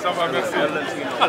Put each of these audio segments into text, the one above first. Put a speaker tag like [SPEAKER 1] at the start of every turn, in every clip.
[SPEAKER 1] Ça va, merci. Ah,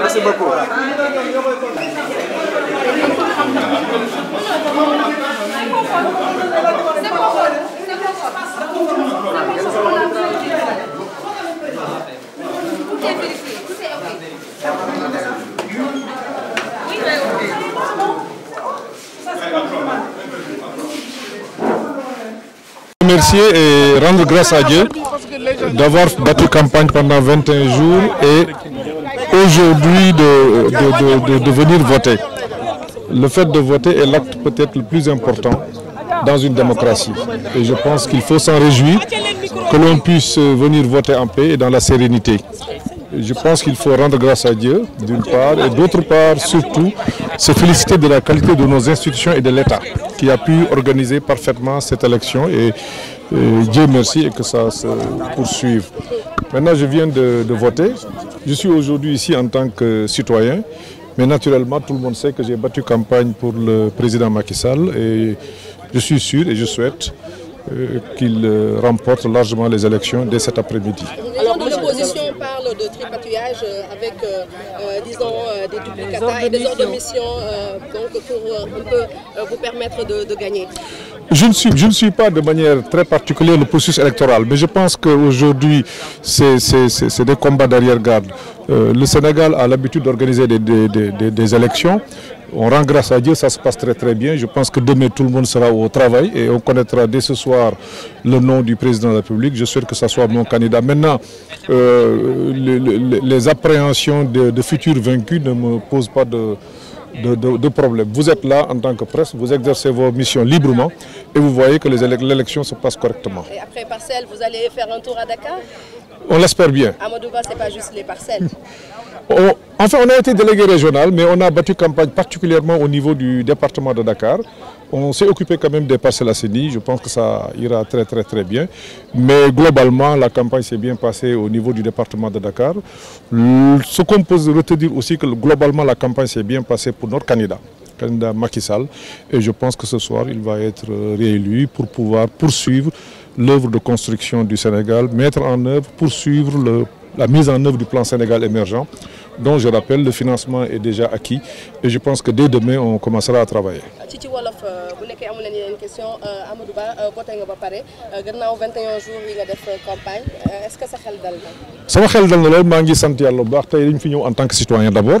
[SPEAKER 2] Merci beaucoup. merci et rendre grâce à Dieu d'avoir battu campagne pendant 21 jours et aujourd'hui de, de, de, venir voter. Le fait de voter est l'acte peut-être le plus important dans une démocratie. Et je pense qu'il faut s'en réjouir que l'on puisse venir voter en paix et dans la sérénité. Je pense qu'il faut rendre grâce à Dieu, d'une part, et d'autre part, surtout, se féliciter de la qualité de nos institutions et de l'État, qui a pu organiser parfaitement cette élection. Et, euh, Dieu merci et que ça se poursuive. Maintenant, je viens de, de voter. Je suis aujourd'hui ici en tant que citoyen, mais naturellement tout le monde sait que j'ai battu campagne pour le président Macky Sall et je suis sûr et je souhaite euh, qu'il euh, remporte largement les élections dès cet après-midi. Alors, l'opposition parle de tripatouillage euh, avec, disons, des duplicata et des ordres de mission, pour vous permettre de gagner. Je ne, suis, pas de manière très particulière le processus électoral, mais je pense qu'aujourd'hui, c'est des combats d'arrière-garde. Euh, le Sénégal a l'habitude d'organiser des, élections. On rend grâce à Dieu, ça se passe très très bien. Je pense que demain tout le monde sera au travail et on connaîtra dès ce soir le nom du président de la République. Je souhaite que ce soit mon candidat. Maintenant, euh, les, appréhensions de, futurs vaincus ne me posent pas de, problème. Vous êtes là en tant que presse, vous exercez vos missions librement et vous voyez que l'élection se passe correctement. Et après parcelles, vous allez faire un tour à Dakar On l'espère bien. À Modouba, ce n'est pas juste les parcelles. enfin, on a été délégué régional, mais on a battu campagne particulièrement au niveau du département de Dakar. On s'est occupé quand même des parcelles à assainies, je pense que ça ira très très très bien. Mais globalement, la campagne s'est bien passée au niveau du département de Dakar. Ce qu'on peut dire aussi, que globalement, la campagne s'est bien passée pour notre candidat candidat Macky Sall. Et je pense que ce soir, il va être euh, réélu pour pouvoir poursuivre l'œuvre de construction du Sénégal, mettre en œuvre, poursuivre le, la mise en œuvre du plan Sénégal émergent, dont je rappelle, le financement est déjà acquis. Et je pense que dès demain, on commencera à travailler.
[SPEAKER 1] Titi wolof euh, bu avez une question euh, Amadou Ba vous nga ba y gannaaw 21 jours yi a def campagne est-ce que ça xel dal le
[SPEAKER 2] sama xel dal na le maa ngi sant yàlla bu baax en tant que citoyen d'abord.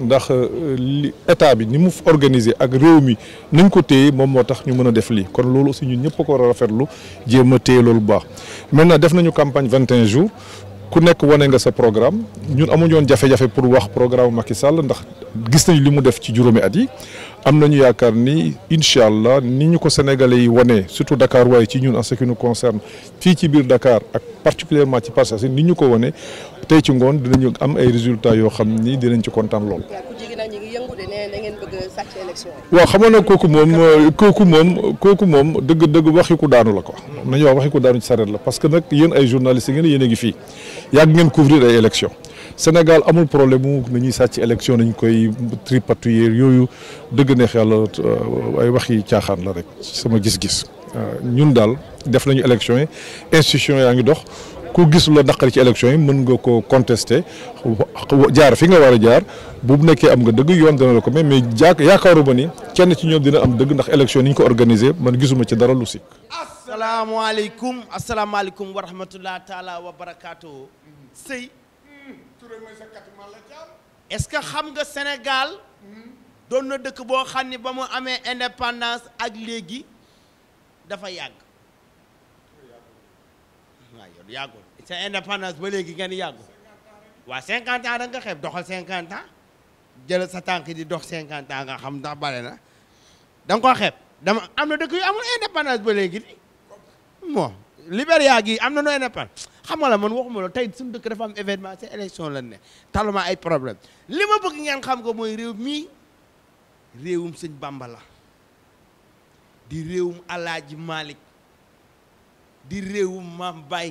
[SPEAKER 2] ndax euh, état bi ni mu organisé ak réew mi nañ ko téye mom motax ñu mëna def li kon lolu aussi ñun ñëpp ko wara rafetlu jëma a lolu baax maintenant def nañu campagne 21 jours ku nekk wane nga sa programme ñun amuñu woon jafe-jafe pour wax programme Macky Sall ndax gis nañu li mu def ci juróomi at yi am nañu yaakaar ni incha allah ni ñu ko sénégalais yi wane surtout Dakar waaye ci ñun en ce qui nous concerne fii ci biir Dakar ak particulièrement ci Parcelles Assainies ni ñu ko wane tey ci ngoon dinañu am ay résultats yoo xam ni dinañ ci kontaan lool. sàcc élection yi. waaw xamoon na kooku moom kooku moom kooku moom dëgg dëgg waxi ku daanu la ko. am hmm. na ñoo wax waxi ku daanu ci sareet la parce que nag yéen ay journalistes ngeen yéen a ngi fii yàgg ngeen couvrir ay élection Sénégal amul problème mu na ñuy sàcc élection nañ koy tripatouiller yooyu dëgg neex yàlla euh, ay waxi caaxaan la rek sama gis-gis. Euh, ñun daal def nañu élection yi institution yaa ngi dox. ku gis la naqari ci élection yi mën nga ko contester jaar fi nga war a jaar bu nekkee am nga dëgg yoon dana la ko may mais jaak yaakaaru ma ni kenn ci ñoom dina am dëgg ndax élection ni ñu ko organisé man gisuma ci dara lu sikk
[SPEAKER 3] asalaamaaleykum asalaamaaleykum wa rahmatullah taala wa barakaatu sëy est-ce que xam nga Sénégal doon na dëkk boo xam ni ba mu amee indépendance ak léegi dafa yàgg Saya indépendance ba boleh ngeen yàgg waa 50 ans da nga xeeb doxal 50 ans jël sa tànk di dox 50 ans nga xam ndax bale na da nga koo xeeb dama am na dëkk yu amul indépendance ba léegi di bon gi am no indépendance xam nga la man waxuma la tey suñu dëkk dafa am événement c'est élection lan ne taluma ay problème li ma bëgg ngeen xam ko Bamba la di réewum Alaaji malik. di réewum Maam Baye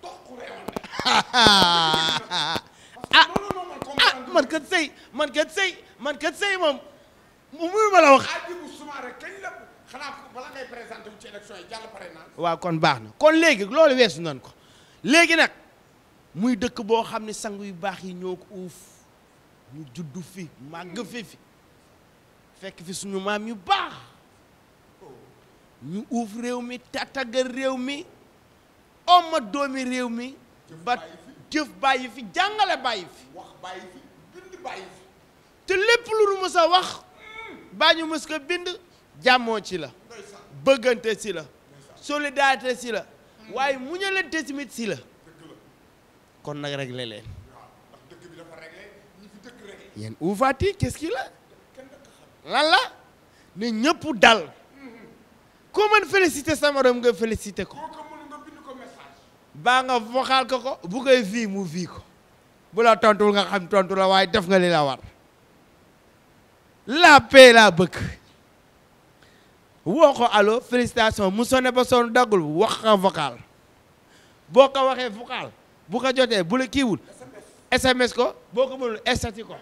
[SPEAKER 3] Ah, ah man kat sëy man kat sëy
[SPEAKER 1] man kat sëy moom muy ma la wax.
[SPEAKER 3] waaw kon baax na kon léegi loolu weesu nan ko léegi nag muy dëkk boo xam ne sang yu baax yi ñoo ko uuf ñu juddu fi màgg fi fekk fi suñu maam yu baax oh. ñu uuf réew mi tàttagal réew mi. omma doomi réew mi ba jëf bàyyi fi jàngale bàyyi fi wax bàyyi fi bind bàyyi te lépp lu nu mës a wax baa ñu mës bind jàmmoo ci la bëggante si la solidarité si la waaye muñalante tamit si la kon nag réglé leen yéen uvaati qu'est-ce qu'il a lan la ne ñëpp dal
[SPEAKER 1] mm-hmm.
[SPEAKER 3] ku mën félicité sa morom nga félicité ko baa nga vocal ko ko bu koy fii mu fii ko bu la tontuwul nga xam tontu la waaye def nga li la war la paix laa bëgg woo ko allo félicitation mu sonné ba sonn daggul wax ko vocal boo ko waxee vocal bu ko jotee bu la kiiwul SMS ko boo ko mënul estati ko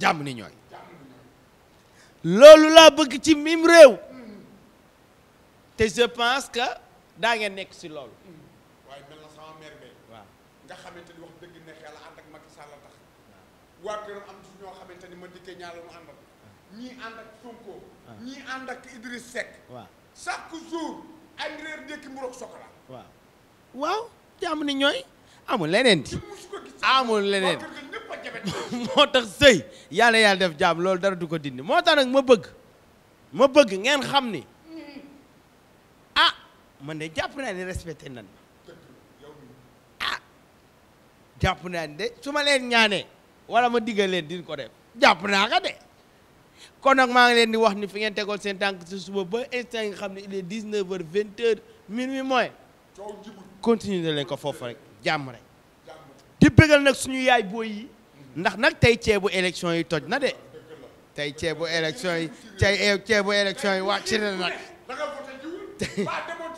[SPEAKER 3] jàmm ni ñooy loolu laa bëgg ci miim réew te je pense que da nga nek ci lool.
[SPEAKER 1] waaye mel na sama mère be. waaw nga xamanteni wax deug neex yàlla and ak Macky Sall tax. Wa keuram am ci ñoo xamanteni ma dikke ñaar mu àndal. Ñi and ak Sonko. ñi and ak Idriss Seck. Wa. chaque jour ay réer dekk mu rok sokola. Wa.
[SPEAKER 3] waaw te am ni ñoy amul leneen di. amul leneen Motax sey, yalla yalla def jaam lool dara du ko dindi Motax nak ma bëgg ma bëgg ngeen xamni man de jàpp naa ni respecté nan ah, jàpp naa ni de su ma leen ñaanee wala ma diggal leen din ko def jàpp naa ko de kon nag maa ngi leen di wax ni fi ngeen tegoon seen tànk suba ba instant yi nga xam ne il est 19 heures 20 heures minuit moins continue na leen ko foofu rek jàmm rek di bëggal nag suñu yaay booy ndax nag tey ceebu élection yi toj na de tey ceebu élection yi tey élection yi wàcc na nag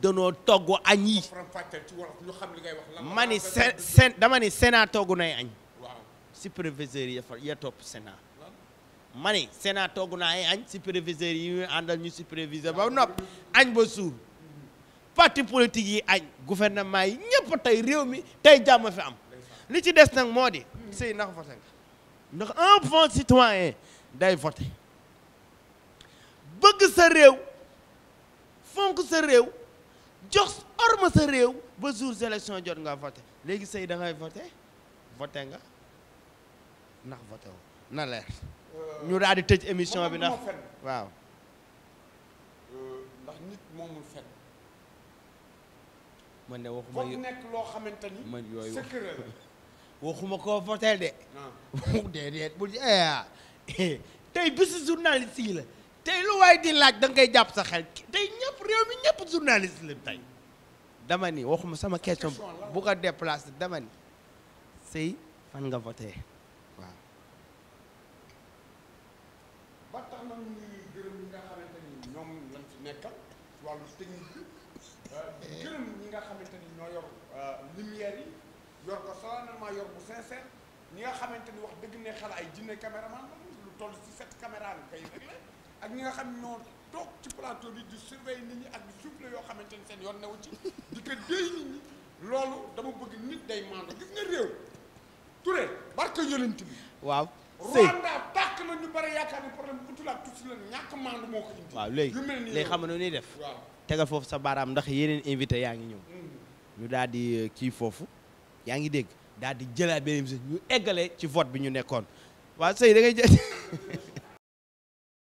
[SPEAKER 3] dono togg añ yi
[SPEAKER 1] ma ni sen
[SPEAKER 3] dama ni Sénat togg nay añ superviseur yi dafa ya topp Sénat ma ni Sénat togg na ay añ superviseur yi ñu àndal ñu superviseur ba nopp añ ba suur parti politique yi añ gouvernement yi ñëpp tey réew mi tey jàmm fi am li ci des nag moo di sëy ndax voté ndax un bon citoyen day voté bëgg sa réew fonk sa réew jox orma sa réew ba jour élection jot nga voté léegi sëy dangay ngay voté voté nga ndax voté wu euh, ñu daal di tëj émission bi ndax waaw
[SPEAKER 1] euh, ndax nit moomul fen
[SPEAKER 3] man de waxuma foofu nekk
[SPEAKER 1] loo xamante ni man yooyu
[SPEAKER 3] waxuma koo voté de ah. déedéet bu eh, eh. tey bisu journaliste yi la tey lu waay di laaj da ngay jàpp sa xel tey ñëpp réew mi ñëpp journaliste la tey dama ni waxuma sama question bu ko déplacé dama ni sëy fan nga voté waaw
[SPEAKER 1] ba tax gërëm ñi nga xamante ni ñoom lañ eh. ñoo yor euh, lumière yor ko solennellement yor bu sincère ñi nga xamante ni wax dëgg ne xala ay jinne caméraman lu toll ci sept caméra kay ak ñi nga xam ne toog ci plateau bi di surveiller nit ñi ak di souffle yoo xamante ni seen yoon newu ci di ko déy nit ñi loolu dama bëgg nit day maandu gis nga réew Touré barke yonent bi waaw Rwanda tàkk na ni problème la ñàkk maandu moo ko indi
[SPEAKER 3] waaw léegi léegi xam nga nuy def tegal foofu sa baaraam ndax yeneen invité yaa ngi ñëw
[SPEAKER 1] mm-hmm.
[SPEAKER 3] ñu daal di euh, kii foofu yaa ngi dégg daal di jëlaat beneen ñu eggale ci vote bi ñu nekkoon waaw sëy da jël